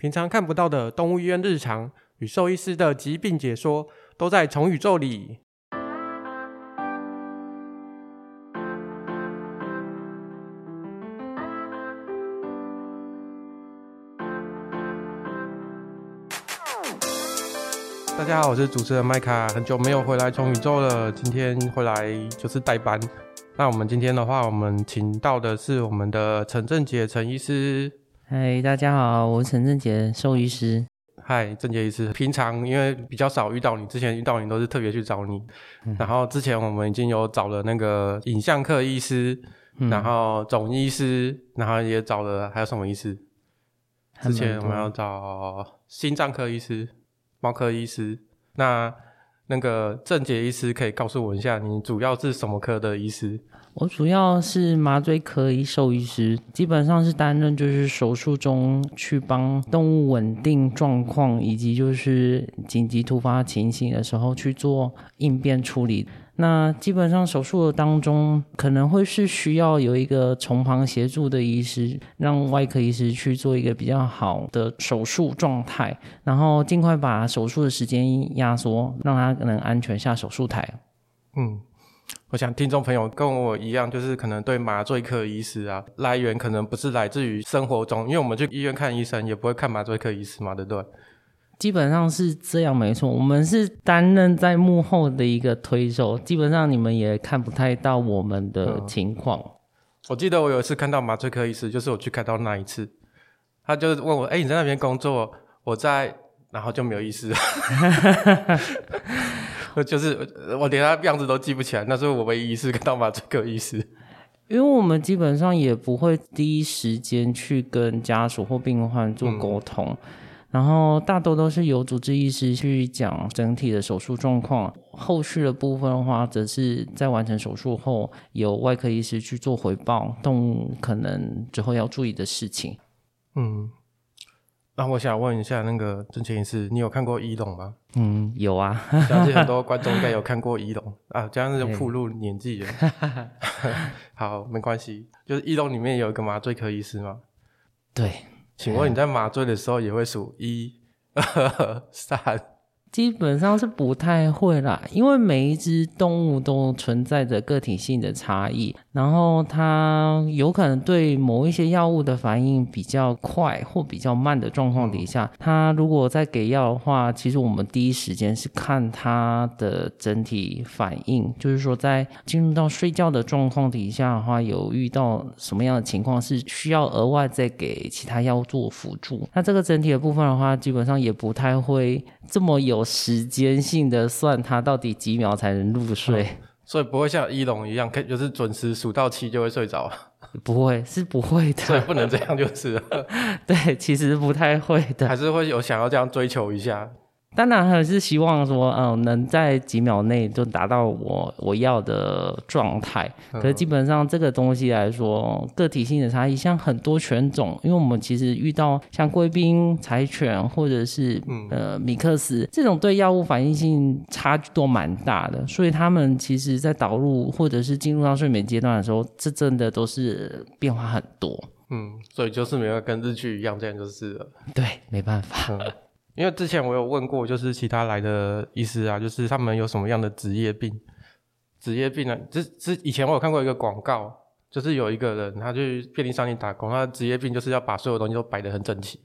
平常看不到的動物醫院日常與獸醫師的疾病解說，都在寵宇宙裡。大家好，我是主持人麥卡，很久沒有回來寵宇宙了，今天回來就是代班。那我們今天的話，我們請到的是我們的陳正傑陳醫師。嗨，大家好，我是陳正傑獸醫師。嗨，正傑醫師，平常因為比較少遇到你，之前遇到你都是特別去找你。嗯。然後之前我們已經有找了那個影像科醫師。嗯，然後總醫師，然後也找了還有什麼醫師？之前我們要找心臟科醫師、貓科醫師。那那個正傑醫師可以告訴我一下，你主要是什麼科的醫師？我主要是麻醉科獸醫師，基本上是擔任就是手術中去幫動物穩定狀況，以及就是緊急突發情形的時候去做應變處理。那基本上手術的當中可能會是需要有一個從旁協助的醫師，讓外科醫師去做一個比較好的手術狀態，然後儘快把手術的時間壓縮，讓他可能安全下手術台。嗯。我想聽眾朋友跟我一樣，就是可能對麻醉科醫師啊來源可能不是來自於生活中，因為我們去醫院看醫生也不會看麻醉科醫師嘛，對不對？基本上是這樣，沒錯。我們是擔任在幕後的一個推手，基本上你們也看不太到我們的情況。嗯、我記得我有一次看到麻醉科醫師，就是我去開刀那一次，他就問我：“哎、欸，你在那邊工作？”我在，然後就沒有意思了。 就是我連他樣子都記不起來，那時候我唯一一次看到媽這個醫師，因為我們基本上也不會第一時間去跟家屬或病患做溝通，嗯，然後大多都是由主治醫師去講整體的手術狀況，後續的部分的話，則是在完成手術後，由外科醫師去做回報動物可能之後要注意的事情，嗯。那、啊、我想問一下，那個正傑獸醫師，你有看過醫龍嗎？嗯，有啊，相 信很多觀眾應該有看過醫龍啊，這樣子就暴露年紀了。 好，沒關係，就是醫龍裡面有一個麻醉科醫師嗎？對，請問你在麻醉的時候也會數一二三？2, 基本上是不太會啦，因為每一隻動物都存在着個體性的差異，然後它有可能對某一些藥物的反應比較快或比較慢的狀況底下，它如果在給藥的話，其實我們第一時間是看它的整體反應，就是說在進入到睡覺的狀況底下的話，有遇到什麼樣的情況是需要額外再給其他藥物做輔助。那這個整體的部分的話，基本上也不太會這麼有。我時間性的算他，到底幾秒才能入睡，所以不會像一龍一樣，可就是準時數到七就會睡着。不會，是不會的，所以不能這樣，就是 對，其實不太會的，還是會有想要這樣追求一下。當然還是希望說，嗯、呃，能在幾秒內就達到我我要的狀態。可是基本上這個東西來說，嗯、個體性的差異，像很多犬種，因為我們其實遇到像貴賓、柴犬或者是呃米克斯、嗯、這種，對藥物反應性差距都蠻大的。所以他們其實在導入或者是進入到睡眠階段的時候，這真的都是變化很多。嗯，所以就是沒有跟日劇一樣這樣就是了。對，沒辦法。嗯因為之前我有問過，就是其他來的醫師啊，就是他們有什麼樣的職業病？職業病呢、啊？之之以前我有看過一個廣告，就是有一個人他去便利商店打工，他職業病就是要把所有東西都擺得很整齊，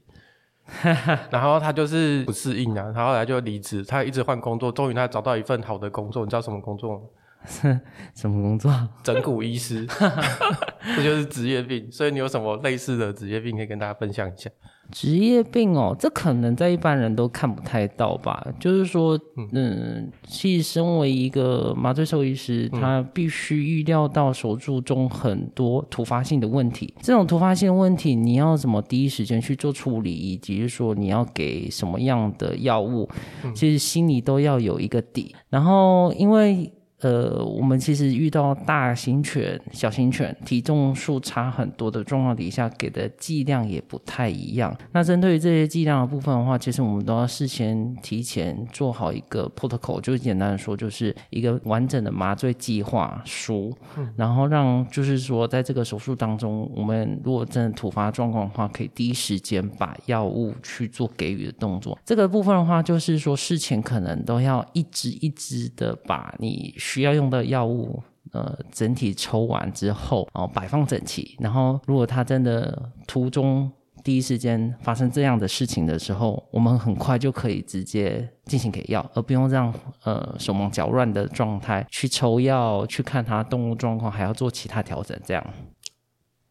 然後他就是不適應啊，然後他後來就離職，他一直換工作，終於他找到一份好的工作，你知道什麼工作嗎？ 什麼工作？整骨醫師， 這就是職業病。所以你有什麼類似的職業病可以跟大家分享一下？職業病哦，這可能在一般人都看不太到吧。就是說，嗯，其實身為一個麻醉獸醫師，他必須預料到手術中很多突發性的問題。這種突發性的問題，你要怎麼第一時間去做處理，以及說你要給什麼樣的藥物，其實心裡都要有一個底。然後，因為呃，我們其實遇到大型犬、小型犬體重數差很多的狀況底下，給的劑量也不太一樣。那針對於這些劑量的部分的話，其實我們都要事先提前做好一個 protocol，就簡單的說，就是一個完整的麻醉計劃書。嗯，然後讓就是說，在這個手術當中，我們如果真的突發狀況的話，可以第一時間把藥物去做給予的動作。這個部分的話，就是說事前可能都要一支一支的把你，需要用到藥物，呃，整體抽完之後，然後擺放整齊。然後，如果它真的途中第一時間發生這樣的事情的時候，我們很快就可以直接進行給藥，而不用這樣呃手忙腳亂的狀態去抽藥、去看它動物狀況，還要做其他調整。這樣，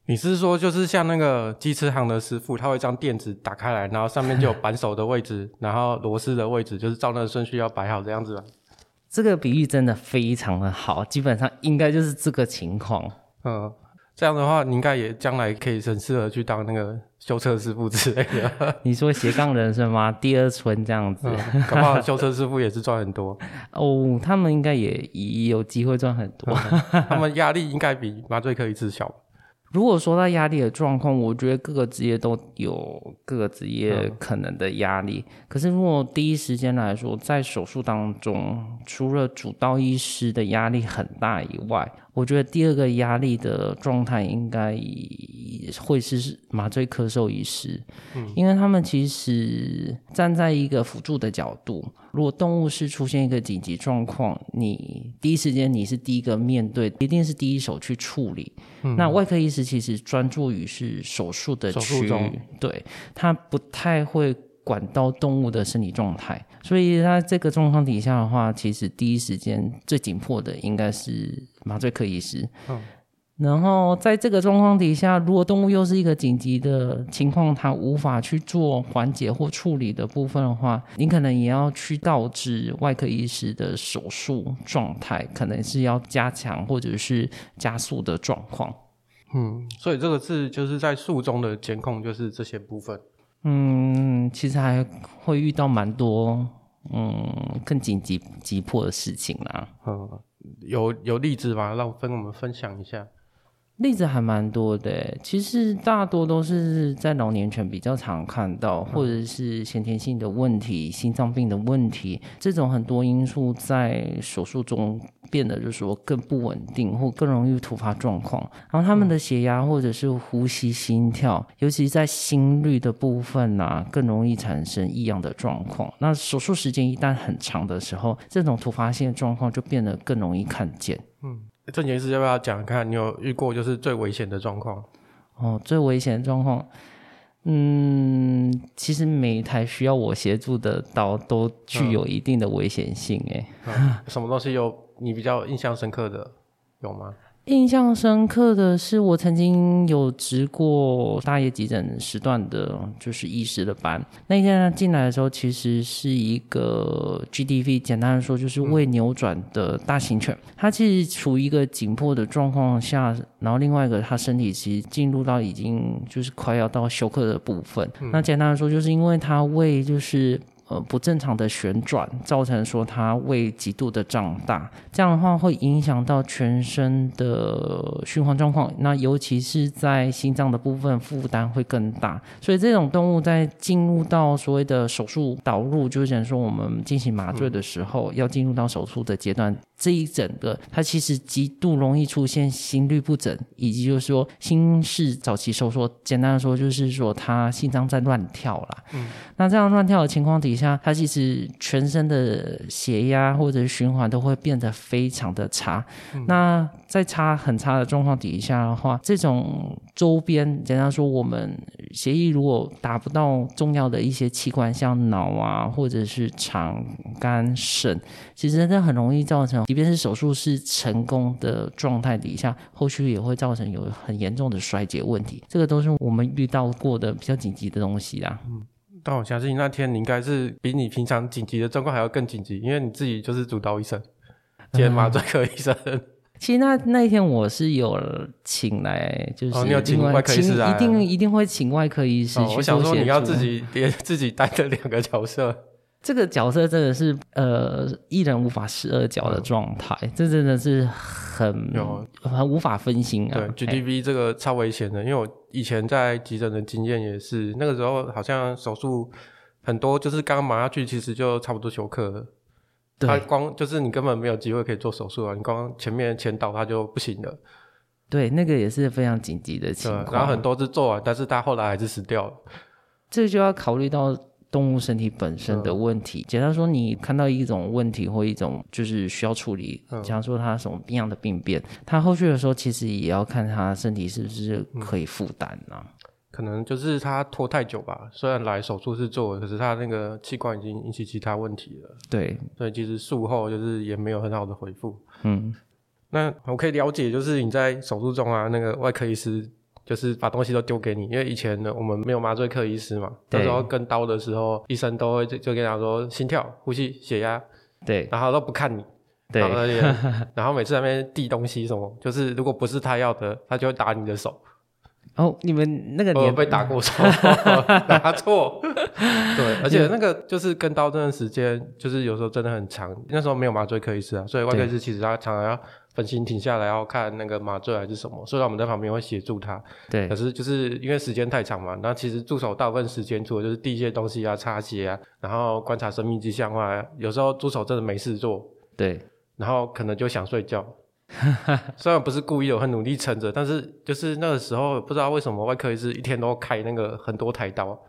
你是說就是像那個機車行的師傅，他會將墊子打開來，然後上面就有扳手的位置， 然後螺絲的位置，就是照那個順序要擺好這樣子。這個比喻真的非常的好，基本上應該就是這個情況。嗯，這樣的話，你應該也將來可以很適合去當那個修車師傅之類的。 你說斜槓人生嗎？ 第二春這樣子，嗯、恐怕修車師傅也是賺很多。 哦，他們應該也有機會賺很多， 嗯、他們壓力應該比麻醉科醫師小。如果說到壓力的狀況，我覺得各個職業都有各個職業可能的壓力。嗯。可是如果第一時間來說，在手術當中，除了主刀醫師的壓力很大以外，我覺得第二個壓力的狀態應該會是麻醉科獸醫師，因為他們其實站在一個輔助的角度，如果動物是出現一個緊急狀況，你第一時間你是第一個面對，一定是第一手去處理。嗯，那外科醫師其實專注於是手術的區域，對，他不太會。管道動物的生理狀態，所以在這個狀況底下的話，其實第一時間最緊迫的應該是麻醉科醫師。嗯，然後在這個狀況底下，如果動物又是一個緊急的情況，它無法去做緩解或處理的部分的話，你可能也要去告知外科醫師的手術狀態，可能是要加強或者是加速的狀況。嗯，所以這個是就是在術中的監控，就是這些部分。嗯，其實還會遇到蠻多，嗯，更緊急急迫的事情啦。嗯，有有例子嗎？讓我跟我們分享一下。例子還蠻多的，其實大多都是在老年犬比較常看到，嗯、或者是先天性的問題、心臟病的問題，這種很多因素在手術中變得就是說更不穩定，或更容易突發狀況。然後他們的血壓或者是呼吸、心跳，尤其在心率的部分吶、啊，更容易產生異樣的狀況。那手術時間一旦很長的時候，這種突發性的狀況就變得更容易看見。嗯。這件事要不要講看？看你有遇過就是最危險的狀況哦，最危險的狀況。嗯，其實每一台需要我協助的刀都具有一定的危險性。誒、哦、什麼東西，有你比較印象深刻的 有嗎？印象深刻的是，我曾經有值過大夜急診時段的，就是醫師的班。那一天他進來的時候，其實是一個 GDV，簡單的說就是胃扭轉的大型犬，它其實處於一個緊迫的狀況下。然後另外一個，他身體其實進入到已經就是快要到休克的部分。那簡單的說，就是因為他胃就是。呃，不正常的旋轉造成說它胃極度的脹大，這樣的話會影響到全身的循環狀況，那尤其是在心臟的部分負擔會更大，所以這種動物在進入到所謂的手術導入，就是想說我們進行麻醉的時候，要進入到手術的階段。這一整個，它其實極度容易出現心律不整，以及就是說心室早期收縮。簡單的說，就是說它心臟在亂跳了。嗯。那這樣亂跳的情況底下，它其實全身的血壓或者循環都會變得非常的差。嗯。那在差很差的狀況底下的話，這種周邊，簡單來說，我們血液如果達不到重要的一些器官，像腦啊，或者是腸、肝、腎，其實真的很容易造成。即便是手術是成功的狀態底下，後續也會造成有很嚴重的衰竭問題，這個都是我們遇到過的比較緊急的東西啦。嗯，但我相信那天你應該是比你平常緊急的狀況還要更緊急，因為你自己就是主刀醫生兼、嗯、麻醉科醫生。嗯、其實那那一天我是有請來，就是哦，你有請外科醫師來啊，一定一定會請外科醫師、哦。我想說你要自己 別自己擔着兩個角色。這個角色真的是呃，一人無法飾二角的狀態，嗯、這真的是很有、啊、很無法分心啊。對 GDV 這個超危險的，因為我以前在急診的經驗也是，那個時候好像手術很多，就是剛麻下去，其實就差不多休克了。他、啊、光就是你根本沒有機會可以做手術啊，你光前面前導他就不行了。對，那個也是非常緊急的情況。然後很多是做完，但是他後來還是死掉了。這就要考慮到。動物身體本身的問題，嗯、簡單說，你看到一種問題或一種就是需要處理，嗯、假如說它什麼樣的病變，它、嗯、後續的時候其實也要看它身體是不是可以負擔呢？可能就是它拖太久吧，雖然來手術室做的，可是它那個器官已經引起其他問題了。對，所以其實術後就是也沒有很好的恢復。嗯，那我可以了解，就是你在手術中啊，那個外科醫師。就是把東西都丟給你，因為以前呢我們沒有麻醉科醫師嘛，到時候跟刀的時候，醫生都會就，就跟他說心跳、呼吸、血壓，對，然後都不看你，對，然後， 然後每次在那邊遞東西什麼，就是如果不是他要的，他就會打你的手。哦、oh，你們那個們、呃、被打過手，打 錯 拿錯， 對，而且那個就是跟刀這段時間，就是有時候真的很長，那時候沒有麻醉科醫師啊，所以外科醫師其實他常常要，分心停下來要看那個麻醉還是什麼，雖然我們在旁邊會協助他，對，可是就是因為時間太長嘛。那其實助手大部分時間做就是遞一些東西啊、擦鞋啊，然後觀察生命跡象啊。有時候助手真的沒事做，對，然後可能就想睡覺。 雖然不是故意的，我很努力撐着，但是就是那個時候不知道為什麼外科醫師一天都開那個很多台刀，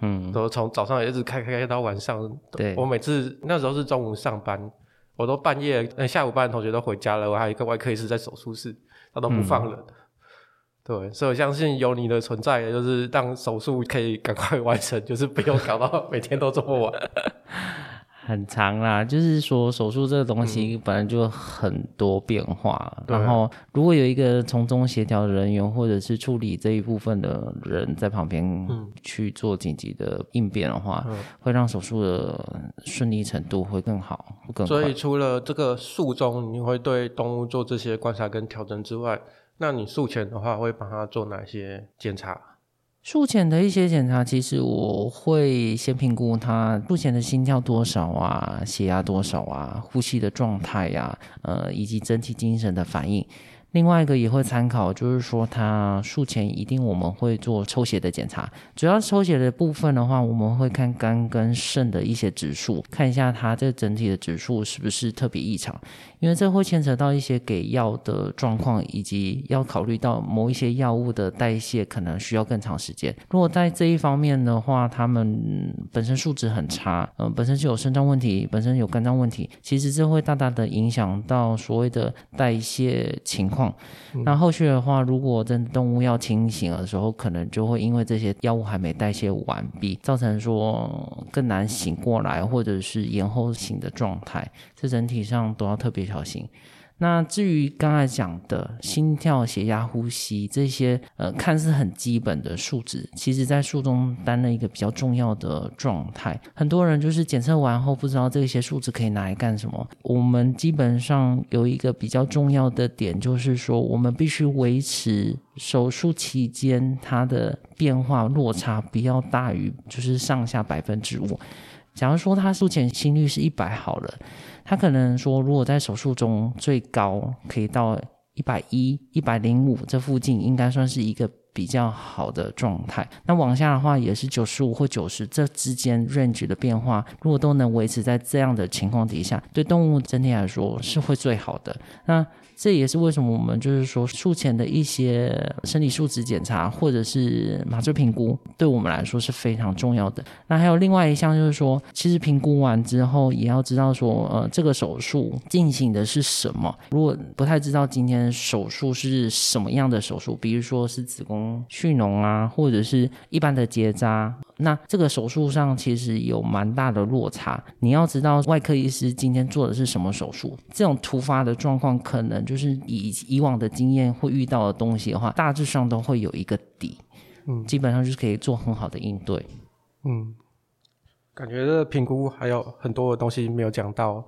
嗯，都從早上也一直開開開到晚上。對，我每次那時候是中午上班。我都半夜，那、嗯、下午班的同學都回家了，我還有一個外科醫師在手術室，他都不放人、嗯。對，所以我相信有你的存在，就是讓手術可以趕快完成，就是不用搞到每天都這麼晚。 很長啦，就是說手術這個東西本來就很多變化，嗯啊、然後如果有一個從中協調的人員或者是處理這一部分的人在旁邊、嗯、去做緊急的應變的話，嗯、會讓手術的順利程度會更好。更快。所以除了這個術中你會對動物做這些觀察跟調整之外，那你術前的話會幫他做哪些檢查？術前的一些檢查，其實我會先評估他術前的心跳多少啊，血壓多少啊，呼吸的狀態呀、啊，呃，以及整體精神的反應。另外一個也會參考，就是說他術前一定我們會做抽血的檢查，主要抽血的部分的話，我們會看肝跟腎的一些指數，看一下他這個整體的指數是不是特別異常，因為這會牽扯到一些給藥的狀況，以及要考慮到某一些藥物的代謝可能需要更長時間。如果在這一方面的話，他們本身數值很差，嗯、呃，本身就有腎臟問題，本身有肝臟問題，其實這會大大的影響到所謂的代謝情況。況、嗯，那後續的話，如果真動物要清醒的時候，可能就會因為這些藥物還沒代謝完畢，造成說更難醒過來，或者是延後醒的狀態，這整體上都要特別小心。那至於剛才講的心跳、血壓、呼吸這些，呃，看似很基本的數值，其實在術中擔任一個比較重要的狀態。很多人就是檢測完後不知道這些數值可以拿來幹什麼。我們基本上有一個比較重要的點，就是說我們必須維持手術期間它的變化落差不要大於就是上下百分之五。假如說他術前心率是一百好了，他可能說，如果在手術中最高可以到一百一、一百零五這附近，應該算是一個比較好的狀態。那往下的話，也是九十五或九十這之間 range 的變化，如果都能維持在這樣的情況底下，對動物整體來說是會最好的。那。這也是為什麼我們就是說術前的一些生理數值檢查，或者是麻醉評估，對我們來說是非常重要的。那還有另外一項就是說，其實評估完之後也要知道說，呃，這個手術進行的是什麼。如果不太知道今天手術是什麼樣的手術，比如說是子宮蓄膿啊，或者是一般的結紮，那這個手術上其實有蠻大的落差。你要知道外科醫師今天做的是什麼手術，這種突發的狀況可能，就是以以往的經驗會遇到的東西的話，大致上都會有一個底，嗯，基本上就是可以做很好的應對。嗯，感覺這個評估還有很多的東西沒有講到，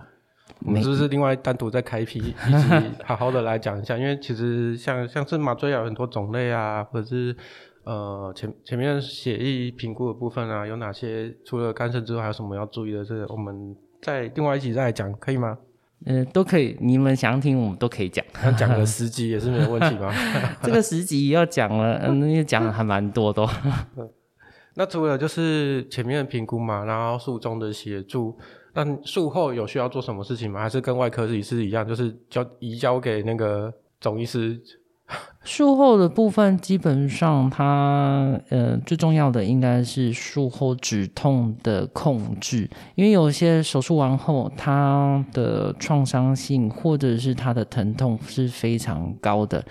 我們就是，是另外單獨再開闢一起好好的來講一下， 因為其實像像是麻醉藥很多種類啊，或者是呃前前面血液評估的部分啊，有哪些除了肝腎之外還有什麼要注意的，這個？這我們再另外一集再來講，可以嗎？呃、嗯，都可以，你們想聽我們都可以講。講、啊、個十集也是沒有問題吧？ 這個十集要講了，嗯，也講了還蠻多的。嗯、 那除了就是前面的評估嘛，然後術中的協助，那術後有需要做什麼事情嗎？還是跟外科醫師一樣，就是交移交給那個總醫師？術後的部分，基本上它，呃，最重要的應該是術後止痛的控制，因為有些手術完後，它的創傷性或者是它的疼痛是非常高的，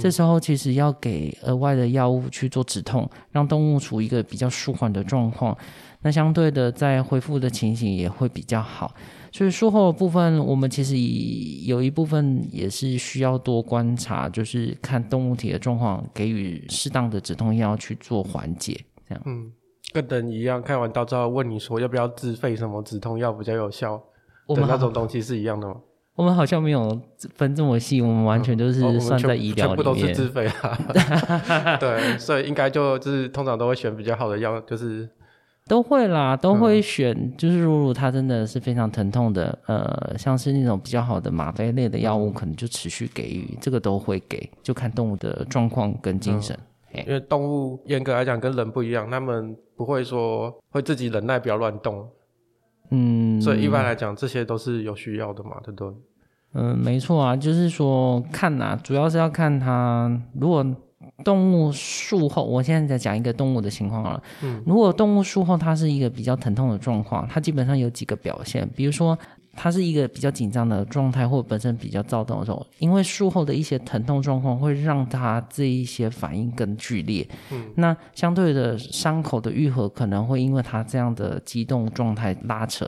這時候其實要給額外的藥物去做止痛，讓動物處於一個比較舒緩的狀況。那相對的，在恢復的情形也會比較好，所以術後的部分，我們其實有一部分也是需要多觀察，就是看動物體的狀況，給予適當的止痛藥去做緩解。這樣，嗯，跟人一樣，開完刀之後問你說要不要自費什麼止痛藥比較有效，我們對那種東西是一樣的嗎？我們好像沒有分這麼細，我們完全都是算在醫療裡面。哦哦、全部都是自費啊。 對，所以應該就，就是通常都會選比較好的藥，就是。都會啦，都會選。嗯、就是如如它真的是非常疼痛的，呃，像是那種比較好的嗎啡類的藥物，嗯，可能就持續給予，這個都會給，就看動物的狀況跟精神、嗯。因為動物嚴格來講跟人不一樣，他們不會說會自己忍耐不要亂動。嗯，所以一般來講這些都是有需要的嘛，對不對？嗯，沒錯啊，就是說看吶、啊，主要是要看它如果。動物術後，我現在在講一個動物的情況了。嗯，如果動物術後，它是一個比較疼痛的狀況，它基本上有幾個表現，比如說。他是一個比較緊張的狀態，或者本身比較躁動的時候，因為術後的一些疼痛狀況，會讓他這一些反應更劇烈。嗯，那相對的傷口的愈合可能會因為他這樣的激動狀態拉扯，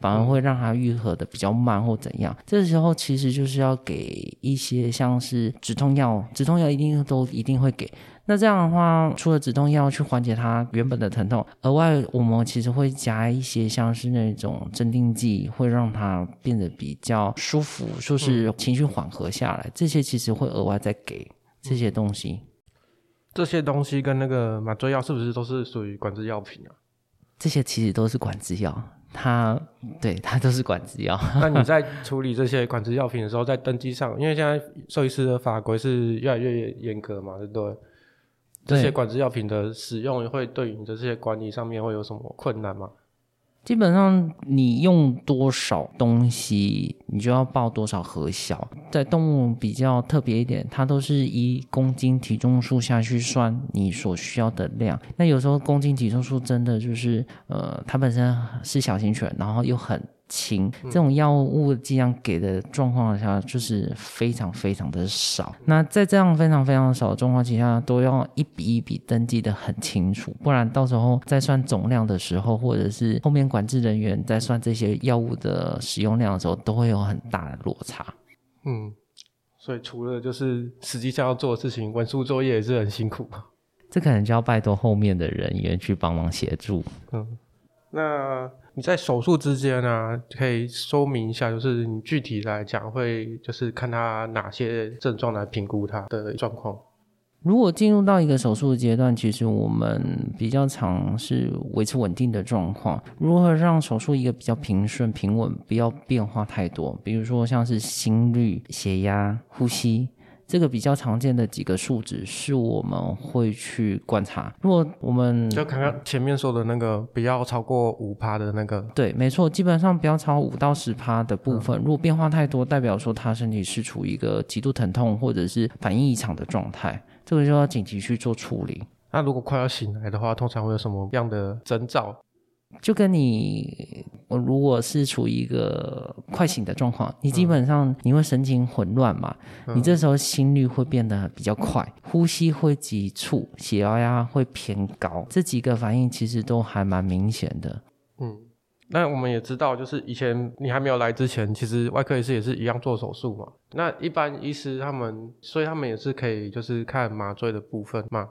反而會讓它愈合的比較慢或怎樣。嗯。這時候其實就是要給一些像是止痛藥，止痛藥一定都一定會給。那這樣的話，除了止痛藥去緩解它原本的疼痛，額外我們其實會加一些像是那種鎮定劑，會讓它變得比較舒服，就是、嗯、情緒緩和下來。這些其實會額外再給這些東西、嗯。這些東西跟那個麻醉藥是不是都是屬於管制藥品啊？這些其實都是管制藥，它對它都是管制藥。嗯、 那你在處理這些管制藥品的時候，在登記上，因為現在獸醫師的法規是越來越嚴格嘛，對不對？這些管制藥品的使用，會對於你的這些管理上面會有什麼困難嗎？基本上你用多少東西，你就要報多少核銷。在動物比較特別一點，它都是以公斤體重數下去算你所需要的量。那有時候公斤體重數真的就是呃，它本身是小型犬，然後又很。情，這種藥物，劑量給的狀況下，就是非常非常的少。那在這樣非常非常少的狀況下，都要一筆一筆登記得很清楚，不然到時候在算總量的時候，或者是後面管制人員在算這些藥物的使用量的時候，都會有很大的落差。嗯，所以除了就是實際上要做的事情，文書作業也是很辛苦。這個可能就要拜託後面的人員去幫忙協助。嗯，那。你在手術之間啊，可以說明一下，就是你具體來講會就是看他哪些症狀來評估他的狀況。如果進入到一個手術的階段，其實我們比較常是維持穩定的狀況。如何讓手術一個比較平順，平穩，不要變化太多？比如說像是心率、血壓、呼吸。這個比較常見的幾個數值是我們會去觀察。如果我們就剛剛前面說的那個不要超過五趴的那個，對，沒錯，基本上不要超五到十趴的部分、嗯。如果變化太多，代表說他身體是處於一個極度疼痛或者是反應異常的狀態，這個就要緊急去做處理。那、啊、如果快要醒來的話，通常會有什麼樣的徵兆？就跟你，我如果是處於一個快醒的狀況，你基本上你會神經混亂嘛，嗯？你這時候心率會變得比較快，嗯，呼吸會急促，血壓會偏高，這幾個反應其實都還蠻明顯的。嗯，那我們也知道，就是以前你還沒有來之前，其實外科醫師也是一樣做手術嘛。那一般醫師他們，所以他們也是可以，就是看麻醉的部分嘛。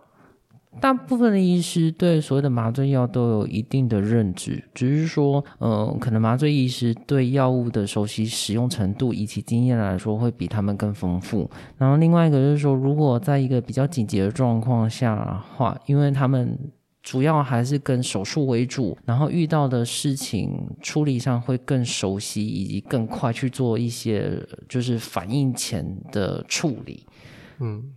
大部分的醫師對所謂的麻醉藥都有一定的認知，只是說，嗯、呃，可能麻醉醫師對藥物的熟悉使用程度以及經驗來說會比他們更豐富。然後，另外一個就是說，如果在一個比較緊急的狀況下的話，因為他們主要還是跟手術為主，然後遇到的事情處理上會更熟悉，以及更快去做一些就是反應前的處理，嗯。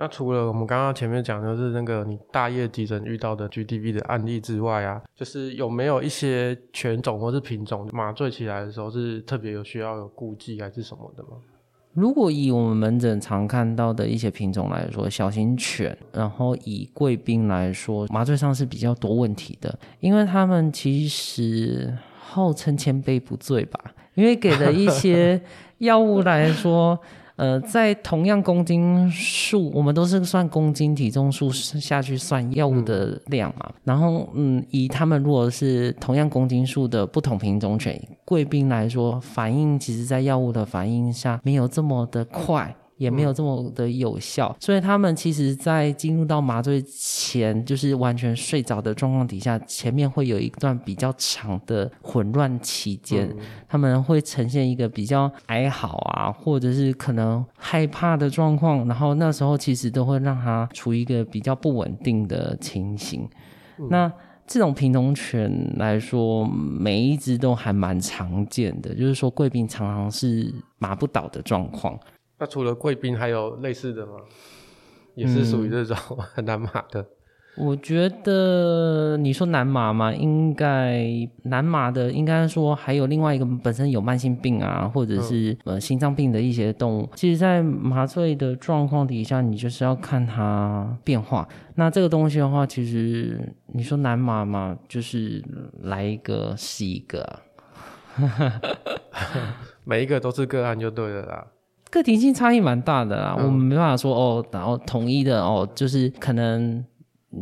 那除了我們剛剛前面講的就是那個你大夜急診遇到的 GDV 的案例之外啊，就是有沒有一些犬種或是品種麻醉起來的時候是特別有需要有顧忌還是什麼的嗎？如果以我們門診常看到的一些品種來說，小型犬，然後以貴賓來說，麻醉上是比較多問題的，因為他們其實號稱千杯不醉吧？因為給的一些藥物來說。 呃，在同樣公斤數，我們都是算公斤體重數下去算藥物的量嘛。然後，嗯，以他們如果是同樣公斤數的不同品種犬貴賓來說，反應其實在藥物的反應下沒有這麼的快。也沒有這麼的有效，嗯、所以他們其實在進入到麻醉前，就是完全睡着的狀況底下，前面會有一段比較長的混亂期間，嗯，他們會呈現一個比較哀嚎啊，或者是可能害怕的狀況，然後那時候其實都會讓他處於一個比較不穩定的情形。嗯、那這種品種犬來說，每一隻都還蠻常見的，就是說貴賓常常是麻不倒的狀況。那、啊、除了貴賓，還有類似的嗎？也是屬於這種、嗯、 很難麻的。我覺得你說難麻嘛，應該難麻的，應該說還有另外一個本身有慢性病啊，或者是、嗯、呃心臟病的一些動物。其實，在麻醉的狀況底下，你就是要看它變化。那這個東西的話，其實你說難麻嘛，就是來一個是一個， 每一個都是個案就對了啦。個體性差異蠻大的啦、嗯，我們沒辦法說哦，然後統一的哦，就是可能。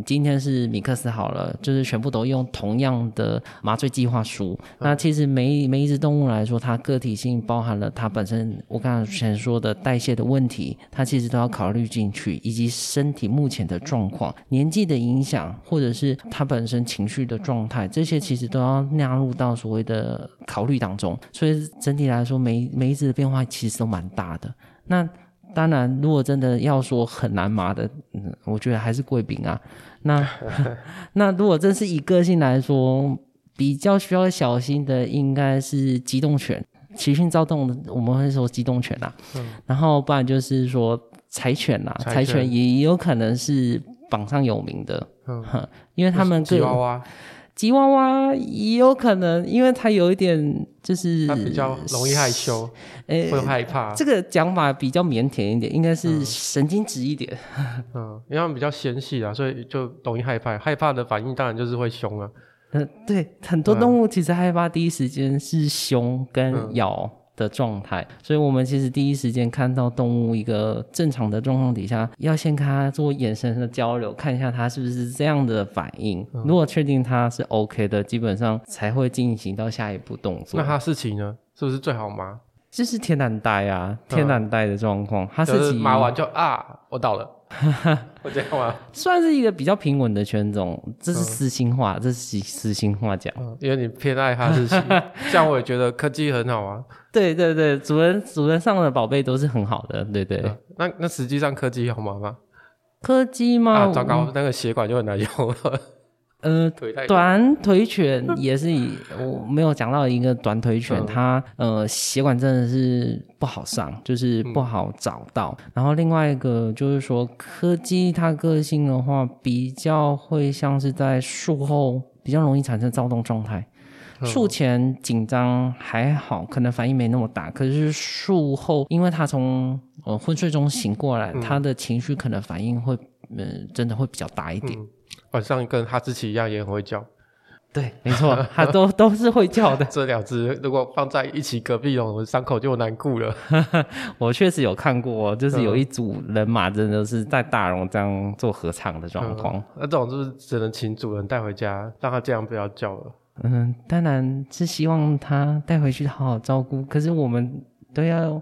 今天是米克斯好了，就是全部都用同樣的麻醉計劃書。那其實每每一隻動物來說，它個體性包含了它本身，我剛才前說的代謝的問題，它其實都要考慮進去，以及身體目前的狀況、年紀的影響，或者是它本身情緒的狀態，這些其實都要納入到所謂的考慮當中。所以整體來說，每每一隻的變化其實都蠻大的。那。當然，如果真的要說很難麻的，嗯，我覺得還是貴賓啊。那 那如果真是以個性來說，比較需要小心的，應該是激動犬，情緒躁動。我們會說激動犬啊、嗯。然後不然就是說柴犬啦、啊，柴犬也有可能是榜上有名的，嗯，因為他們個。吉娃娃也有可能，因為它有一點就是它比較容易害羞，欸、會害怕。欸、這個講法比較腼腆一點，應該是神經質一點。嗯， 嗯，因為他們比較纖細啊，所以就容易害怕。害怕的反應當然就是會凶啊。嗯，對，很多動物其實害怕第一時間是凶跟、嗯、咬的狀態，所以我們其實第一時間看到動物一個正常的狀況底下，要先跟它做眼神的交流，看一下它是不是這樣的反應。嗯、如果確定它是 OK 的，基本上才會進行到下一步動作。那它事情呢，是不是最好嗎？這是天然呆啊，天然呆的狀況，士、嗯是，就是馬完就啊，我倒了， 我這樣嗎算是一個比較平穩的犬種，這是私心話，嗯、這是私心話講、嗯，因為你偏愛哈士奇，這 樣我也覺得柯基很好啊，對對對，主人主人上的寶貝都是很好的，對對、對、嗯，那那實際上柯基好嗎嗎？柯、啊、基嗎？啊，糟糕，那個血管就很難用了。 呃腿太短，短腿犬也是以 我沒有講到一個短腿犬、嗯，它呃血管真的是不好上，就是不好找到。嗯、然後另外一個就是說柯基，柯基它個性的話比較會像是在術後比較容易產生躁動狀態、嗯，術前緊張還好，可能反應沒那麼大。可是術後，因為它從呃昏睡中醒過來，它、嗯、的情緒可能反應會嗯、呃、真的會比較大一點。嗯嗯晚上跟哈士奇一樣也很會叫，對，沒錯，它都 都是會叫的。這兩隻如果放在一起隔壁籠，傷口就很難顧了。 我確實有看過，就是有一組人馬，真的是在大籠這樣做合唱的狀況。那、嗯嗯啊、這種就是只能請主人帶回家，讓他這樣不要叫了。嗯，當然是希望他帶回去好好照顧。可是我們都要，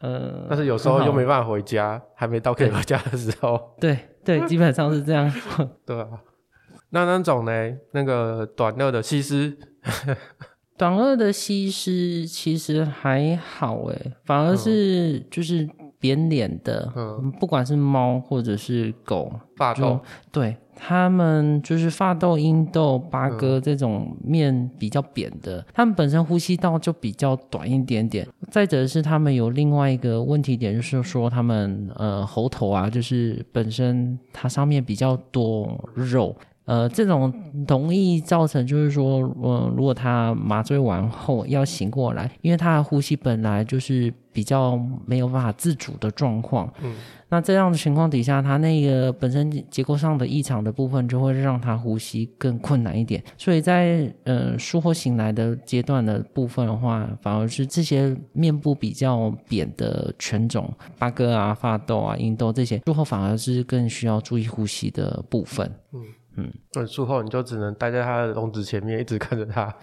呃，但是有時候又沒辦法回家，還沒到可以回家的時候，對。對對，基本上是這樣。 對啊，那那種呢？那個短樂的西施， 短樂的西施其實還好哎、欸，反而是、嗯、就是。扁臉的、嗯，不管是貓或者是狗，法鬥，對，他們就是法鬥、英鬥、八哥這種面比較扁的，嗯，他們本身呼吸道就比較短一點點。再者是他們有另外一個問題點，就是說他們呃喉頭啊，就是本身它上面比較多肉。呃，這種容易造成就是說，呃，如果他麻醉完後要醒過來，因為他的呼吸本來就是比較沒有辦法自主的狀況，嗯，那這樣的情況底下，他那個本身結構上的異常的部分就會讓他呼吸更困難一點。所以在呃術後醒來的階段的部分的話，反而是這些面部比較扁的犬種，巴哥啊、法鬥啊、英鬥這些術後反而是更需要注意呼吸的部分，嗯。那、嗯、術後、嗯、你就只能待在他的籠子前面，一直看着他。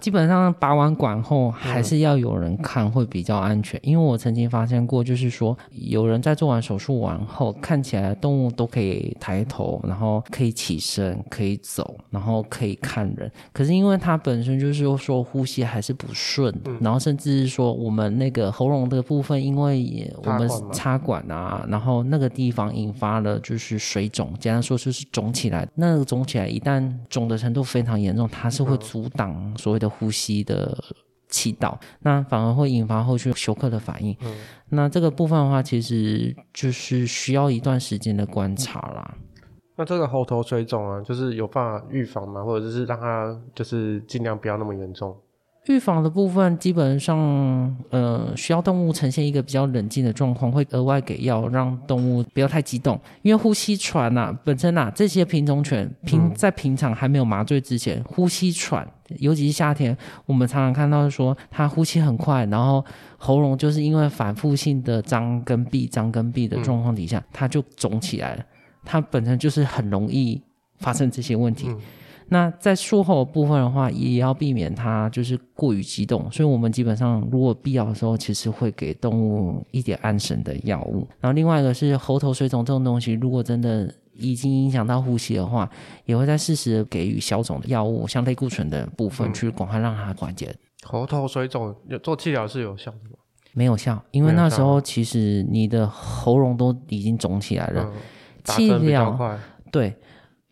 基本上拔完管後還是要有人看會比較安全，因為我曾經發現過，就是說有人在做完手術完後，嗯、看起來動物都可以抬頭、嗯，然後可以起身，可以走，然後可以看人。可是因為它本身就是說呼吸還是不順，嗯、然後甚至是說我們那個喉嚨的部分，因為我們插管啊插管，然後那個地方引發了就是水腫，簡單說就是腫起來的。那個腫起來一旦腫的程度非常嚴重，它是會阻擋所謂的、嗯。呼吸的氣道，那反而會引發後續休克的反應。嗯，那這個部分的話，其實就是需要一段時間的觀察啦。那這個喉頭水腫啊，就是有辦法預防嗎？或者就是讓它就是盡量不要那麼嚴重？預防的部分基本上，呃，需要動物呈現一個比較冷靜的狀況，會額外給藥，讓動物不要太激動。因為呼吸喘吶、啊，本身吶、啊，這些品種犬平在平常還沒有麻醉之前，呼吸喘，尤其是夏天，我們常常看到說它呼吸很快，然後喉嚨就是因為反覆性的張跟閉、張跟閉的狀況底下，它就腫起來了。它本身就是很容易發生這些問題。那在術後的部分的話，也要避免它就是過於激動，所以我們基本上如果必要的時候，其實會給動物一點安神的藥物。然後另外一個是喉頭水腫這種東西，如果真的已經影響到呼吸的話，也會在適時的給予消腫的藥物，像類固醇的部分、嗯、去廣泛讓它緩解。喉頭水腫做氣療是有效的嗎？沒有效，因為那時候其實你的喉嚨都已經腫起來了，氣、嗯、療對。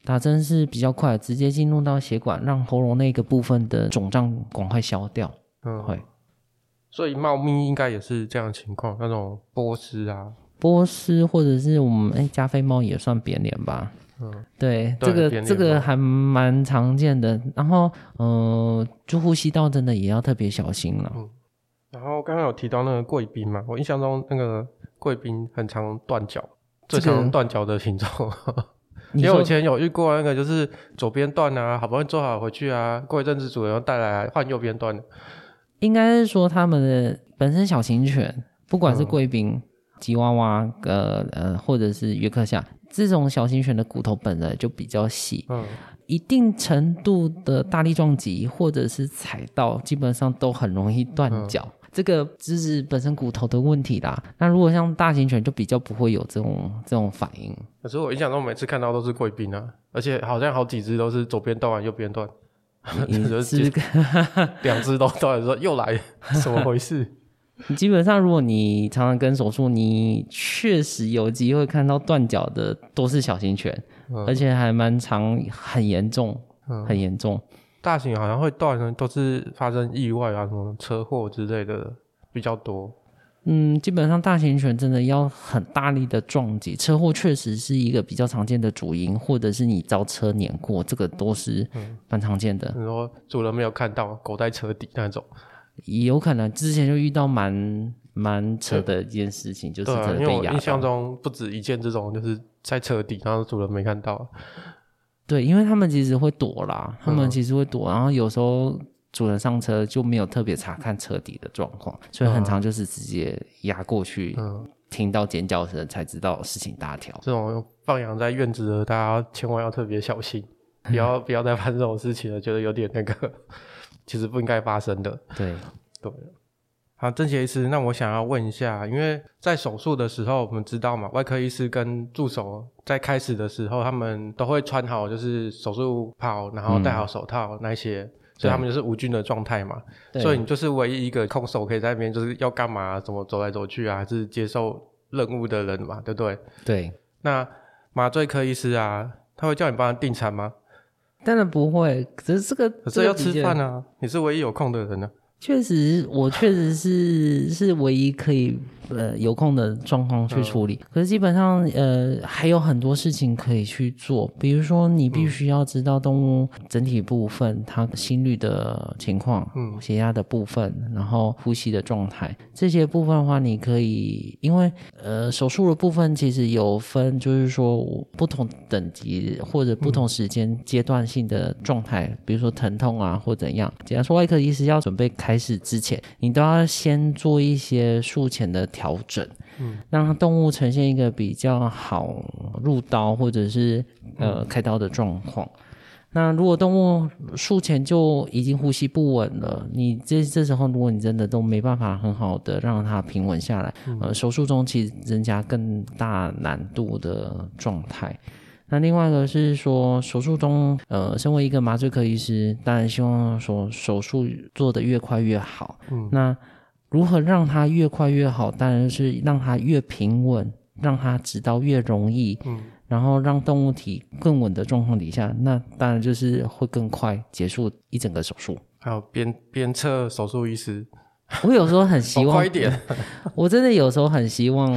打針是比較快，直接進入到血管，讓喉嚨那個部分的腫脹趕快消掉。嗯，會。所以貓咪應該也是這樣的情況，那種波斯啊，波斯或者是我們哎、欸、加菲貓也算扁臉吧？嗯，對，這個這個還蠻常見的。然後，嗯、呃，就呼吸道真的也要特別小心了、啊。嗯。然後剛剛有提到那個貴賓嘛？我印象中那個貴賓很常斷腳、這個，最常斷腳的品種。你有以前有遇過那個，就是左邊斷啊，好不容易做好回去啊，過一陣子主人又帶來、啊、換右邊斷。應該是說，他們的本身小型犬，不管是貴賓、嗯、吉娃娃、呃呃，或者是約克夏這種小型犬的骨頭，本來就比較細，嗯，一定程度的大力撞擊或者是踩到，基本上都很容易斷腳。嗯嗯這個只是本身骨頭的問題啦。那如果像大型犬，就比較不會有這種這種反應。可是我印象中，每次看到都是貴賓啊，而且好像好幾隻都是左邊斷完右邊斷，兩、嗯、隻、嗯、 都斷說又來，怎麼回事？ 基本上如果你常常跟手術，你確實有機會看到斷腳的都是小型犬，嗯、而且還蠻常、嗯，很嚴重，很嚴重。大型好像會斷，都是發生意外啊，什麼車禍之類的比較多。嗯，基本上大型犬真的要很大力的撞擊，車禍確實是一個比較常見的主因，或者是你遭車碾過，這個都是蠻常見的。你、嗯嗯、說主人沒有看到狗在車底那種，也有可能之前就遇到蠻蠻扯的一件事情，就是、啊、因為我印象中不止一件這種，就是在車底，然後主人沒看到。對，因為他們其實會躲啦，他們其實會躲、嗯，然後有時候主人上車就沒有特別查看車底的狀況，所以、啊、很常就是直接壓過去，嗯，聽到尖叫聲才知道事情大條。這種放養在院子的，大家千萬要特別小心，不要、嗯、不要再犯這種事情了，覺得有點那個，其實不應該發生的。對，對。好、啊，正傑醫師，那我想要問一下，因為在手術的時候，我們知道嘛，外科醫師跟助手在開始的時候，他們都會穿好就是手術袍，然後戴好手套、嗯、那些，所以他們就是無菌的狀態嘛對。所以你就是唯一一個空手可以在那邊就是要幹嘛，怎麼走來走去啊，還是接受任務的人嘛，對不對？對。那麻醉科醫師啊，他會叫你幫他訂餐嗎？當然不會，可是這個可是要吃飯啊、這個，你是唯一有空的人呢、啊。確實，我確實是是唯一可以呃有空的狀況去處理。嗯、可是基本上呃還有很多事情可以去做，比如說你必須要知道動物整體部分、嗯、它的心律的情況，嗯，血壓的部分，然後呼吸的狀態這些部分的話，你可以因為呃手術的部分其實有分，就是說不同等級或者不同時間階段性的狀態，嗯、比如說疼痛啊或怎樣。假如說外科醫師要準備開開始之前，你都要先做一些術前的調整，嗯，讓動物呈現一個比較好入刀或者是呃開刀的狀況。嗯。那如果動物術前就已經呼吸不穩了，你這這時候如果你真的都沒辦法很好的讓它平穩下來，呃，手術中其實增加更大難度的狀態。那另外一個是說，手術中，呃，身為一個麻醉科醫師，當然希望說手術做得越快越好。嗯、那如何讓它越快越好？當然是讓它越平穩，讓它執刀越容易。嗯，然後讓動物體更穩的狀況底下，那當然就是會更快結束一整個手術。還有鞭、鞭策手術醫師， 我有時候很希望、哦、快一點。 我真的有時候很希望。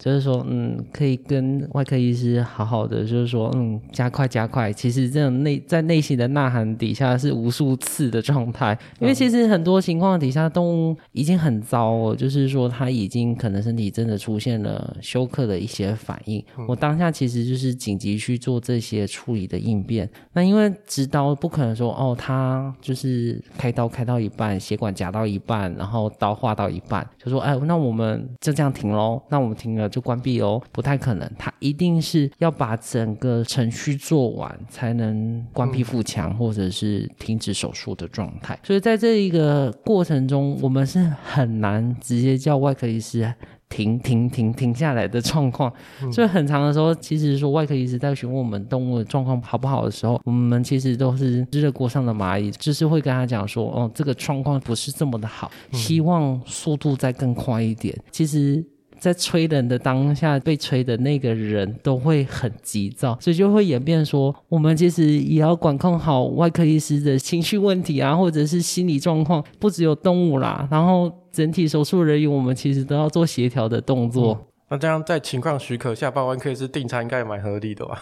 就是說，嗯，可以跟外科醫師好好的，就是說，嗯，加快加快。其實這種內在內心的吶喊底下是無數次的狀態，因為其實很多情況底下，動物已經很糟了，就是說他已經可能身體真的出現了休克的一些反應。我當下其實就是緊急去做這些處理的應變。那因為知道不可能說，哦，他就是開刀開到一半，血管夾到一半，然後刀劃到一半，就說，哎，那我們就這樣停咯，那我們停了。就關閉哦，不太可能，他一定是要把整個程序做完才能關閉腹腔或者是停止手術的狀態，嗯。所以在這一個過程中，我們是很難直接叫外科醫師停停停停下來的狀況，嗯。所以很常的時候，其實說外科醫師在詢問我們動物的狀況好不好的時候，我們其實都是熱鍋上的螞蟻，就是會跟他講說：“哦，這個狀況不是這麼的好，希望速度再更快一點。嗯”其實。在催人的當下，被催的那個人都會很急躁，所以就會演變說，我們其實也要管控好外科醫師的情緒問題啊，或者是心理狀況。不只有動物啦，然後整體手術人員，我們其實都要做協調的動作、嗯。那這樣在情況許可下，完可以是訂餐該蠻合理的吧？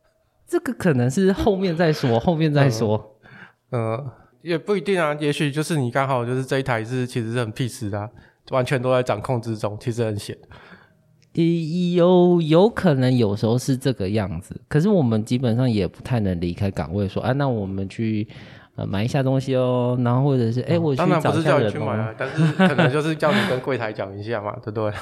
這個可能是後面再說，後面再說。嗯，嗯也不一定啊，也許就是你剛好就是這一台是其實是很屁事的、啊。完全都在掌控之中，其實很險。有有可能有時候是這個樣子，可是我們基本上也不太能離開崗位說，啊，那我們去呃買一下東西哦，然後或者是哎、哦，我去、哦、當然不是叫你去買、啊，但是可能就是叫你跟櫃台講一下嘛， 對不對？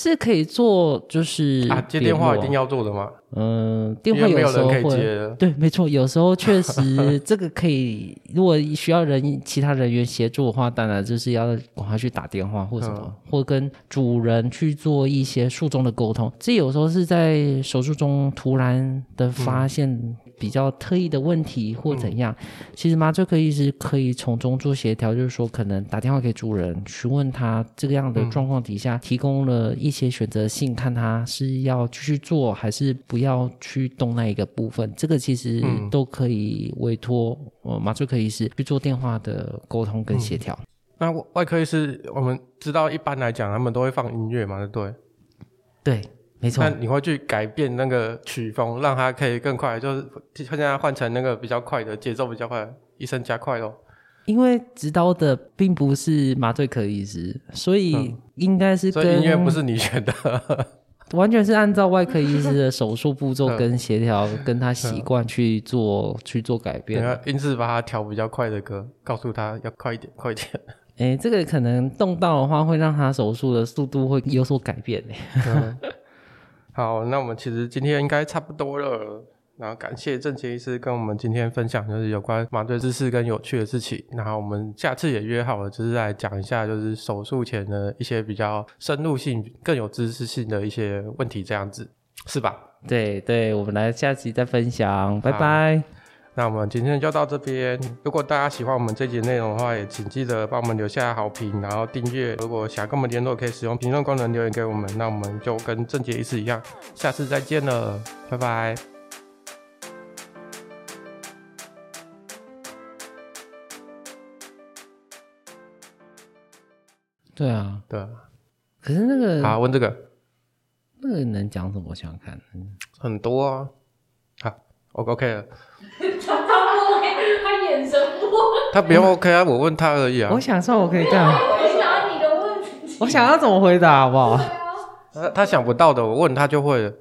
是可以做，就是電、啊、接電話一定要做的嗎？嗯，電話有時候會沒有人可以接，對，沒錯，有時候確實這個可以。 如果需要人其他人員協助的話，當然就是要趕快去打電話或什麼、嗯，或跟主人去做一些術中的溝通。這有時候是在手術中突然的發現。嗯比較特意的問題或怎樣，嗯、其實麻醉科醫師可以從中做協調，就是說可能打電話給主人詢問他這個樣的狀況底下，嗯，提供了一些選擇性，看他是要繼續做還是不要去動那一個部分，這個其實都可以委托、嗯、呃麻醉科醫師去做電話的溝通跟協調，嗯。那外科醫師我們知道一般來講，他們都會放音樂嘛。對，對。沒錯，那你會去改變那個曲風，讓他可以更快，就是會讓他換成那個比較快的節奏，比較快的，醫生加快咯。因為執刀的並不是麻醉科醫師，所以應該是、嗯、所以音樂不是你選的， 完全是按照外科醫師的手術步驟跟協調、嗯、跟他習慣去做、嗯、去做改變。因、嗯、此，把它調比較快的歌，告訴他要快一點，快一點。哎、欸，這個可能動刀的話，會讓他手術的速度會有所改變、欸。哎、嗯。好，那我們其實今天應該差不多了。然後感謝正傑醫師，跟我們今天分享，就是有關麻醉知識跟有趣的事情。然後我們下次也約好了，就是來講一下，就是手術前的一些比較深入性、更有知識性的一些問題，這樣子是吧？對對，我們來下集再分享，拜拜。啊那我們今天就到這邊。如果大家喜歡我們這集內容的話，也請記得幫我們留下好評，然後訂閱。如果想跟我們聯絡，可以使用評論功能留言給我們。那我們就跟正傑一次一樣，下次再見了，拜拜。對啊，對啊。可是那個……好，問這個？那個能講什麼？我想看，很多啊。好，OK 了 他別 OK 啊，嗯，我問他而已啊。我想說，我可以這樣，啊我。我想要怎麼回答，好不好？啊，他他想不到的，我問他就會了。